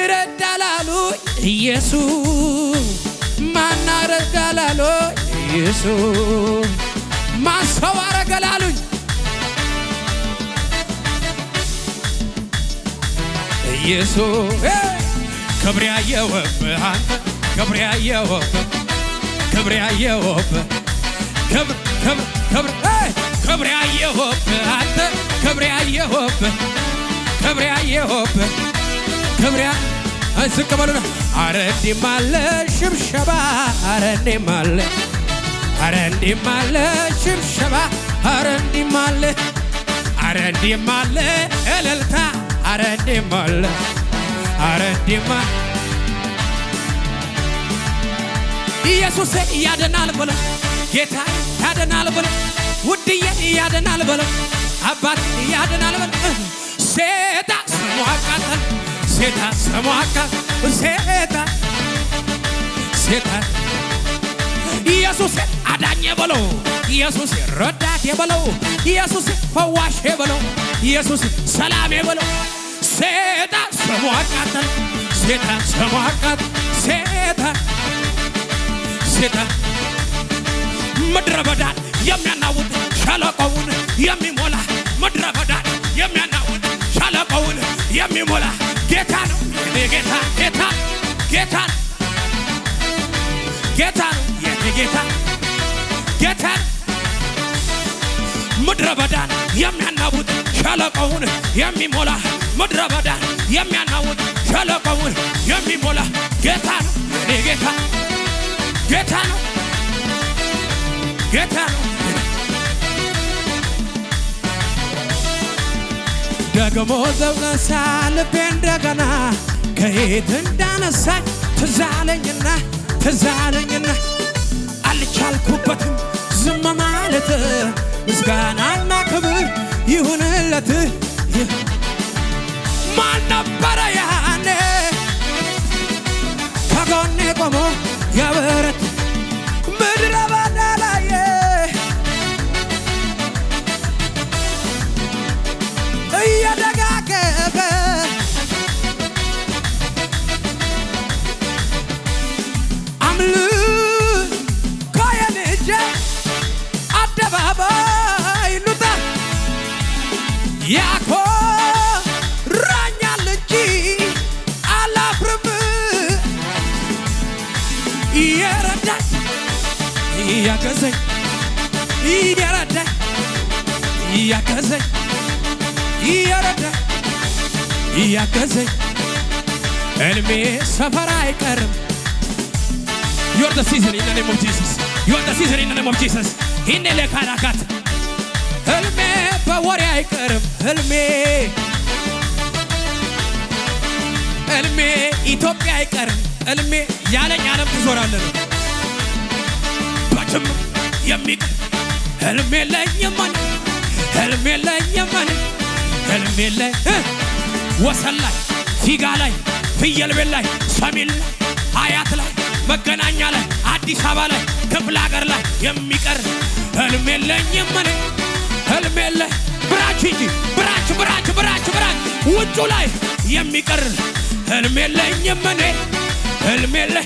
ይረዳላሉ ኢየሱስ ማናረጋላሉ ኢየሱስ ማሰው አረገላሉኝ ኢየሱስ ክብር ያየሁብህ አንተ ክብር ያየሁብህ ክብር ያየሁብህ ክብር አንተ ክብር ያየሁብህ ክብር ያየሁብህ ክብሪያ ዝቅ በሉና አረ እንዲህም አለ ሽብሸባ አረ እንዲህም አለ አረ እንዲህም አለ ሽብሸባ አረ እንዲህም አለ አረ እንዲህም አለ እልልታ አረ እንዲህም አለ አረ እንዲህም አለ ኢየሱሴ ያደናል በለው ጌታ ያደናል በለው ውድዬ ያደናል በለው አባት ያደናል በለው ሴታ ስሙ አቃተል ሴታ ሰሟካ ሴታ ሴታ ኢየሱስ አዳኝ በለው ኢየሱስ ረዳት የበለው ኢየሱስ ፈዋሽ የበለው ኢየሱስ ሰላም የበለው ሴታ ሰሟ አቃተል ሴታ ሰሟ ሴታ ሴታ ምድረ በዳን የሚያናውጥ ሸለቆውን የሚሞላ ምድረ በዳን የሚያናውጥ ሸለቆውን የሚሞላ የጌታ ጌታ ጌታ ጌታ የኔ ጌታ ጌታ ምድረ በዳን የሚያናውጥ ሸለቆውን የሚሞላ ምድረ በዳን የሚያናውጥ ሸለቆውን የሚሞላ ጌታ ነው የኔ ጌታ ጌታ ነው ጌታ ደግሞ ዘውነሳ ልቤ እንደገና ከየት እንዳነሳኝ ትዛለኝና ትዛለኝና አልቻልኩበትም ዝም ማለት ምስጋናና ክብር ይሁንለት። ማን ነበረ ያኔ ከጎኔ ቆሞ ያበረት ምድረ በዳ ላይ እየደ ያኮራኛል እንጂ አላፍርም። እየረዳኝ እያገዘኝ እየረዳኝ እያገዘኝ እየረዳኝ እያገዘኝ እልሜ ሰፈራ አይቀርም። ዩ አር ዘ ሲዝን ኢን ዘ ኔም ኦፍ ጂሰስ ዩ አር ዘ ሲዝን ኢን ዘ ኔም ኦፍ ጂሰስ ይኔ ለካራካት ህልሜ በወሬ አይቀርም ህልሜ እልሜ ኢትዮጵያ አይቀርም እልሜ ያለኝ ዓለም ትዞራለን በችም የሚቀር ህልሜ ለየማን ህልሜ ለየማን ህልሜ ላይ ወሰን ላይ ፊጋ ላይ ፍየል ቤት ላይ ሰሜን ላይ አያት ላይ መገናኛ ላይ አዲስ አበባ ላይ ክፍለ ሀገር ላይ የሚቀር ህልሜ ለየማን ሂጂ ብራች ብራች ብራች ብራች ውጩ ላይ የሚቀር ህልም የለኝም እኔ ህልም የለ